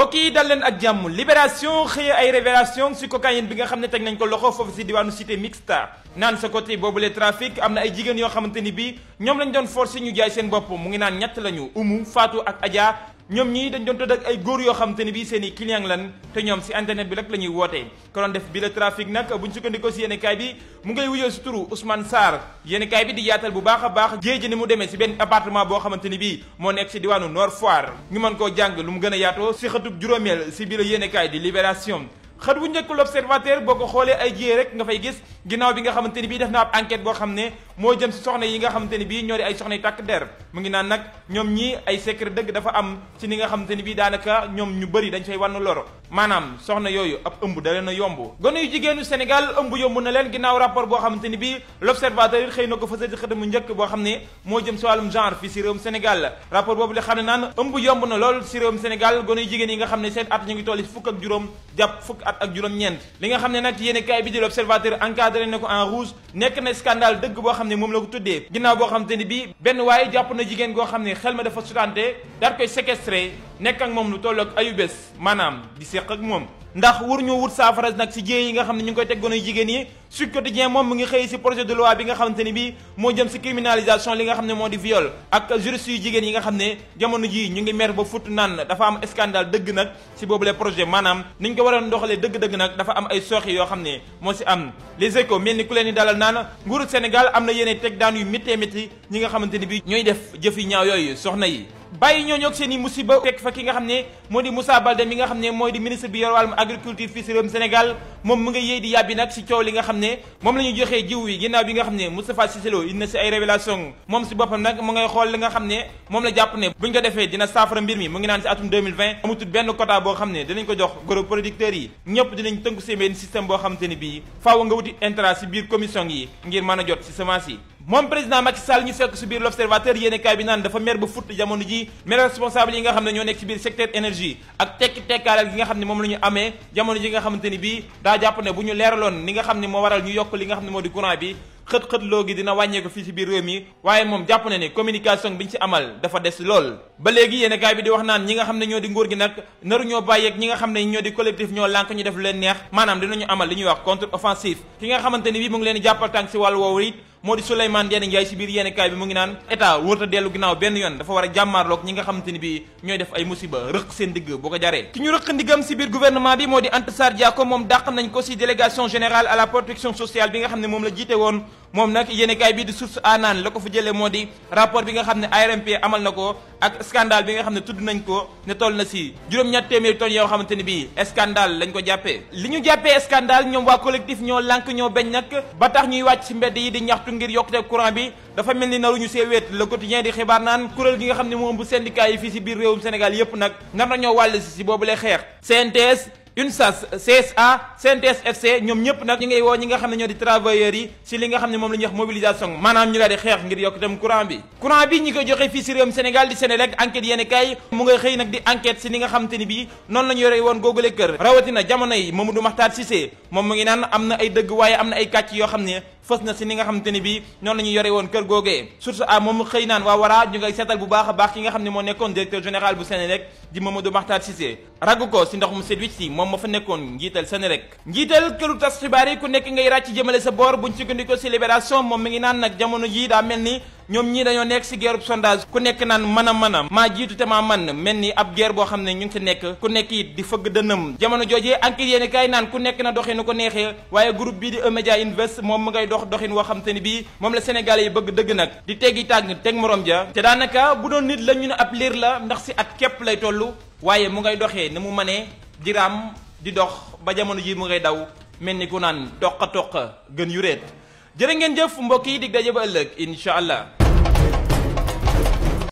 mbokk yi dal leen ak jàmm libération xëy ay révélation si cocaïne bi nga xam ne teg nañ ko loxo foofu si diwaanu cité mixta naan sa côté boobu le trafic am na ay jigéen yoo xamante ni bi ñoom lañ doon forcé ñu jaay seen bopp mu ngi naan ñett lañu umu Fatou ak Adja ñoom ñii dañ doon tëdd ak ay góor yoo xam te ni bii seen i client lan te ñoom si internet bi rek la ñuy wootee ko doon def bi la trafic nag buñ sukkandikoo si yéenekaay bi mu ngay wuyoo si turu Ousmane Sarr yéenekaay bi di yaatal bu baax a baax géej ni mu demee si benn apartement boo xamante ni bii moo nekk si diwaanu Nord Foire ñu mën koo jàng lu mu gën a yaatoo si xëtub juróomeel si biir yéenekaay di Libération xët bu njëkk l'observateur boo ko xoolee ay jiyee rek nga fay gis ginnaaw bi nga xamante ni bii def na ab enquête boo xam ne moo jëm si soxna yi nga xamante ni bii ñoo di ay soxna yu tàkk der mu ngi naan nag ñoom ñi ay secret dëgg dafa am ci ni nga xamante ni bii daanaka ñoom ñu bëri dañ fay wann loro maanaam soxna yooyu ab ëmb da leen a yomb gone yu jigéenu Sénégal ëmb yomb na leen ginnaaw rapport boo xamante ni bii l'observateur xëy na ko fësal ci xëtamu njëkk boo xam ne moo jëm si wàllum genre fii si réewum Sénégal rapport boobu li xam ne naan lool si réewum Sénégal gone yu jigéen ne seen at ñu ngi tolli fukk ak juróom jàpp fukk at ak juróom ñeent li nga xam ne nag yéene encadré na ko en rouge nekk na scandale dëgg boo xam ne moom la ko tuddee ginnaaw boo xam te ne bii benn waaye jàpp na jigéen goo xam ne xel ma dafa sutante daal koy séquestré nekk ak moom lu toll ak ayu bés maanaam di séq ak moom ndax war ñoo wut saafara nag si jéey yi nga xam ne ñu ngi koy teggoon ak jigéen yi Sud Quotidien moom mu ngi xëy si projet de loi bi nga xamante ni bi moo jëm si criminalisation li nga xam ne moo di viol ak juriste yu jigéen yi nga xam ne jamono ji ñu ngi mer ba fut naan dafa am scandale dëgg nag si boobule projet maanaam niñ ko war waroon doxalee dëgg-dëgg nag dafa am ay sooxe yoo xam ne moo si am les échos mel ni ku leen di dalal naan nguuru Sénégal am na yéene teg daan yu méttee ñi nga xamante ni bi ñooy def jëf yi ñaaw yooyu yi bàyyi ñoo ak seen i musiba fekk fa ki nga xam ne moo di musa Baldé mi nga xam ne mooy di ministre bi yor wàllum agriculture fii si réewum Sénégal moom mu nga yéey di yàbbi nag si coow li nga xam ne moom la ñu joxee jiw yi ginnaaw bi nga xam ne Moustapha Cissé Lo indi na si ay révélation moom si boppam nag mu ngay xool li nga xam ne moom la jàpp ne buñ ko defee dina saafara mbir mi mu ngi naan si atum 2020 benn quota boo xam ne dinañ ko jox gros producteurs yi ñëpp dinañ tënku seen benn boo xamante ne bii faaw nga wuti intra si biir yi ngir mën a jot si semence yi moom président Macky Sall ñu fekk si biir l'observateur yéene bi naan dafa mer ba futt jamono ji mer responsable yi nga xam ne ñoo nekk si biir secteur énergie ak tekki tekkaaleel gi nga xam ne moom la amee jamono ji nga xamante ni bii daa jàpp ne bu ñu leeraloon li nga xam ne moo waral ñu yokk li nga xam ne moo di courant bi xët-xët loo gi dina wàññeeku fii si biir réew mi waaye moom jàpp na ne communication bi ñu si amal dafa des lool ba léegi yéene kaay bi di wax ñi nga xam ne ñoo di nguur gi nag naru ñoo bàyyeeg ñi nga ne ñoo di collectif ñu def leen neex maanaam dinañu amal li ñuy wax contre offensive ki nga xamante ni bii mu ngi leen jàppal tànk si wàllu moo di Souleymane Yeni Ndiaye si biir yéenekaay bi mu ngi naan état wërta dellu ginnaaw benn yoon dafa war a jàmmaarloog ñi nga xamante ni bi ñooy def ay musiba rëq seen digg boo ko jaree ki ñu rëq ndigam si biir gouvernement bi moo di Anta Sarr Diako moom dàq nañ ko si délégation générale à la protection sociale bi nga xam ne moom la jiite woon moom nag yéenekaay bi di source anaan la ko fa jëlee moo di rapport bi nga xam ne ARMP amal na ko ak scandale xam ne tudd nañ ko ne toll na si juróom-ñett téeméeri tonnes yoo xamante ni bi scandale lañ ko jàppee li ñu jàppee scandale ñoom waa collectif ñoo lànk ñoo beñ nag ba tax ñuy wàcc si mbedd yi artu ngir yokkute courant bi dafa mel ni naruñu see weet le quotidien di xibaar naan kuréel gi nga xam ne moo ëmb syndicat yi fii si biir réewum Sénégal yépp nag nar nañoo wàll si si boobu lay xeex CNTS UNSAS CSA CNTS FC ñoom ñëpp nag ñi ngay woo ñi nga xam ne ñoo di travailleurs yi si li nga xam ne moom la ñuy mobilisation maanaam ñu daal di xeex ngir yokk courant bi courant bi ñi koy joxe fii si réewum Sénégal di Sénélec enquête yéen mu ngay xëy nag di enquête si li nga xamante ni bii noonu la yore woon googule kër rawatina jamono yi Mamadou Makhtar Cissé moom mu ngi naan am na ay dëgg waaye am na ay kàcc yoo xam ne fës na si moom ma fa nekkoon njiital rek njiital këru tas xibaar yi ku nekk ngay ràcc jëmale sa boor buñ sukkandikoo ci libération moom mi ngi naan nag jamono jii daa mel ni ñoom ñii dañoo nekk ci guerre sondage ku nekk naan mën a mën a maa jiitu te maa man mel ni ab guerre boo xam ne ñu ngi ci nekk ku nekk it di fëgg dënnam jamono joojee enquête yéen kaay naan ku nekk na doxinu ko neexee waaye groupe bii di e Invest moom mu ngay dox doxin woo xam te bii moom la sénégalais nag di teggi tàgg teg morom ja te daanaka bu doon nit la ñu ne ab liir la ndax ci at képp lay toll waaye mu ngay doxee ni mu mënee jiraam di dox ba jamono ji mu ngay daw mel ni ku naan toq a toq gën yu reet jërë ngeen jëf mbokk yi dig daje ba ëllëg incha allah